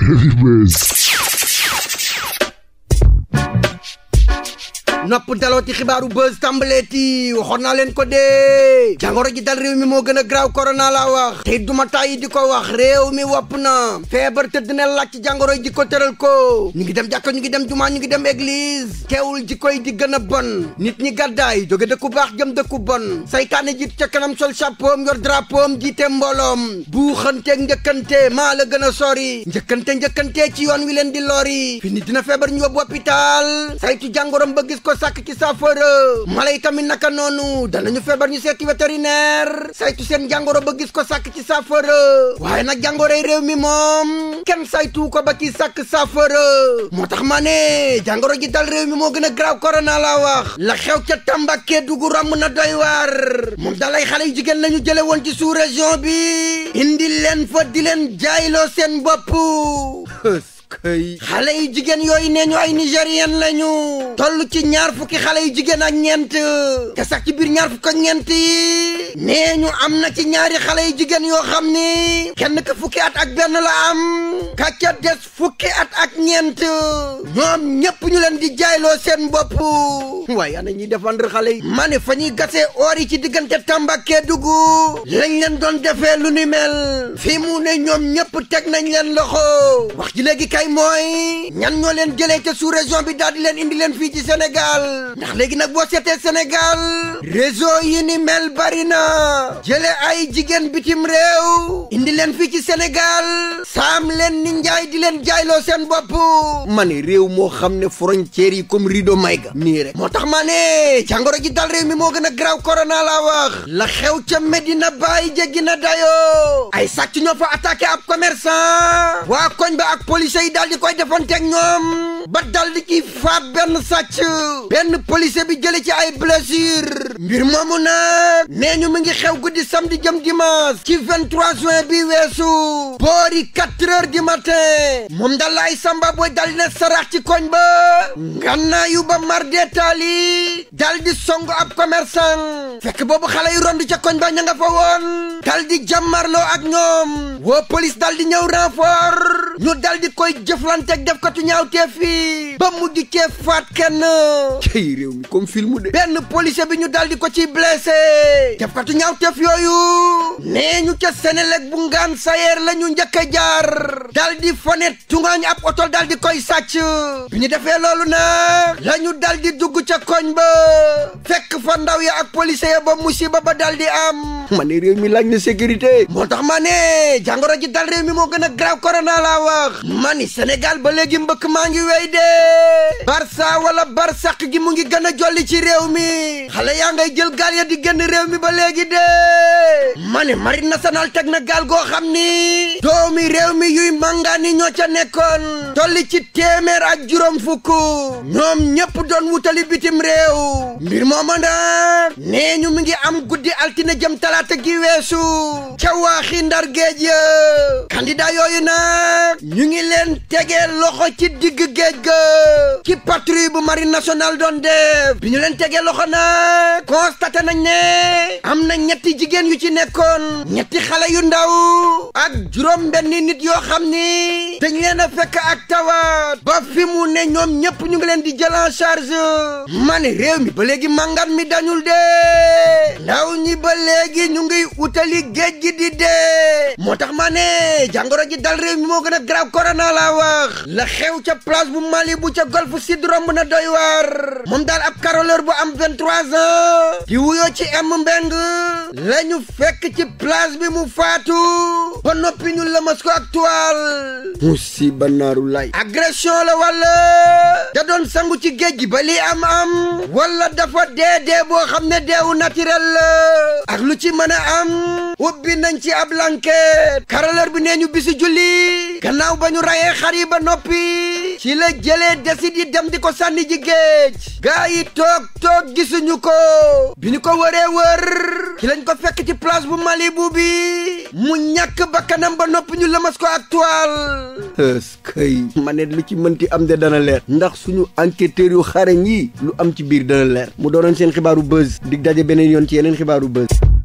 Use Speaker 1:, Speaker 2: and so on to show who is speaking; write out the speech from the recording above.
Speaker 1: Heavy Waves. nopp daloo ci xibaaru buzz tàmbaleeti waxoon naa leen ko dee jàngoro ji dal réew mi moo gën a graaw corona laa wax te duma tàyyi di ko wax réew mi wopp na feebar tëdd na laaj ci jàngoro ji ko tëral ko ñu ngi dem jàkka ñu ngi dem jumaa ñu ngi dem église teewul ji koy di gën a bon nit ñi gàddaay jóge dëkku baax jëm dëkku bon saytaane ji ca kanam sol chapeau am yor drapeau am jiite mbooloom buuxanteeg njëkkante maa la gën a sori njëkkante njëkkante ci yoon wi leen di lori fi nit dina ko sàkk ci saafara mala yi tamit naka noonu danañu feebar ñu seeti vétérinaire saytu seen jàngoro ba gis ko sàkk ci saafara waaye nag jàngoroy réew mi moom kenn saytu ko ba ci sàkk saafara moo tax ma ne jàngoro ji dal réew mi moo gën a graaw korona la wax la xew ca Tamba Kédougou ràmm na doy waar moom dalay xale yu jigéen lañu jële woon ci sous région bi indi leen fa di leen jaayloo seen bopp këy xale yi jigéen yooyu nee ñu ay nigérien lañu toll ci ñaar fukki xale yu jigéen ak ñeent te sax ci biir ñaar fukk ak ñeent yi nee ñu am na ci ñaari xale yu jigéen yoo xam ni kenn ka fukki at ak benn la am kàcca des fukki at ak ñeent ñoom ñépp ñu leen di jaayloo seen bopp waaye ana ñuy défendre xale yi ma fa ñuy gasee oor yi ci diggante Tamba Kédougou lañ leen doon defee lu ni mel fii mu ne ñoom ñépp teg nañ leen loxo wax ji léegi tey mooy ñan ñoo leen jëlee ca sous région bi daal di leen indi leen fii ci Sénégal ndax léegi nag boo seetee Sénégal réseau yi ni mel bari na jëlee ay jigéen bitim réew leen fii ci Sénégal saam leen ni njaay di leen jaayloo seen bopp ma ne réew moo xam ne frontières yi comme rideau may ga nii moo tax maa ne jàngoro ji dal réew mi moo gën a graw corona la wax la xew ca Medina Baye jéggi na dayoo ay sàcc ñoo fa attaqué ab commerçant waa koñ ba ak police yi daal di koy ñoom ba dal ci faat benn sàcc benn policier bi jële ci ay blessure mbir moomu nag nee ñu mi ngi xew guddi samedi jëm dimanche ci 23 juin bi weesu boori 4 heures du matin moom dal ay samba booy dal na sarax ci koñ ba yu ba mardetaali dal di song ab commerçant fekk boobu xale yu rond ca koñ nga fa woon dal di jàmmarloo ak ñoom woo police dal di ñëw renfort ñu dal koy jëflante ak def ko tu ñaaw teefi bi ba mujj cee faat kenn cey réew mi comme film de benn policier bi ñu dal di ko ci blessé defkatu ñaaw tef yooyu nee ñu ca Senelec bu ngaan sayeer lañu ñu njëkk a jaar dal di fonet tungaañ ab oto dal di koy sàcc bi ñu defee loolu na la ñu dal di dugg ca koñ ba fekk fa ndaw ya ak policier ba musiba ba dal am ma réew mi laaj na sécurité moo tax ma ne jàngoro ji dal réew mi moo gën a grave corona laa wax ma Sénégal ba léegi mbëkk maa ngi wey de Barça wala Barsaq gi mu ngi gën a jolli ci réew mi xale yaa ngay jël gaal ya di génn réew mi ba léegi de ma ne marine nationale teg na gaal goo xam ni doomi réew mi yuy màngaani ñoo ca nekkoon tolli ci téeméer ak juróom fukk ñoom ñépp doon wutali bitim réew mbir mooma nag nee ñu mi ngi am guddi altine jëm tala talaata gi weesu ca waaxi ndar géej ya candidat yooyu nag ñu ngi leen tegee loxo ci digg géej ga ki patrouille bu mari nationale doon def bi ñu leen tegee loxo nag constaté nañ ne am na ñetti jigéen yu ci nekkoon ñetti xale yu ndaw ak juróom benn nit yoo xam ni dañ leen fekk ak tawaat ba fi mu ne ñoom ñëpp ñu ngi leen di jël en charge man réew mi ba léegi màngan mi dañul dee ndaw ñi ba léegi ñu ngi utali géej gi di dee moo tax maa ne jàngoro ji dal réew mi moo gën a grave corona laa wax la xew ca place bu Mali bu ca golfe sud romb na doy waar moom daal ab caroleur bu am 23 ans di wuyoo ci M Mbeng la fekk ci place bi mu faatu ba noppi ñu la ko ak toile musiba naaru lay agression la wala da doon sangu ci géej gi ba lii am am wala dafa dee boo xam ne deewu naturel la ak lu ci mën a am ubbi nañ ci ab lanket karaleur bi nee ñu bisi julli gannaaw ba ñu rayee xar ba noppi ci la jëlee desit yi di ko sànni ji géej gaa yi toog toog gisuñu ko bi ñu ko wëree wër ci lañ ko fekk ci place bu Malibu bi mu ñàkk bakkanam ba nopp ñu lëmas ko ak toile eskay ma ne lu ci mënti am de dana leer ndax suñu enquêteurs yu xarañ yi lu am ci biir dana leer mu doonoon seen xibaaru buzz dig daje beneen yoon ci yeneen xibaaru buzz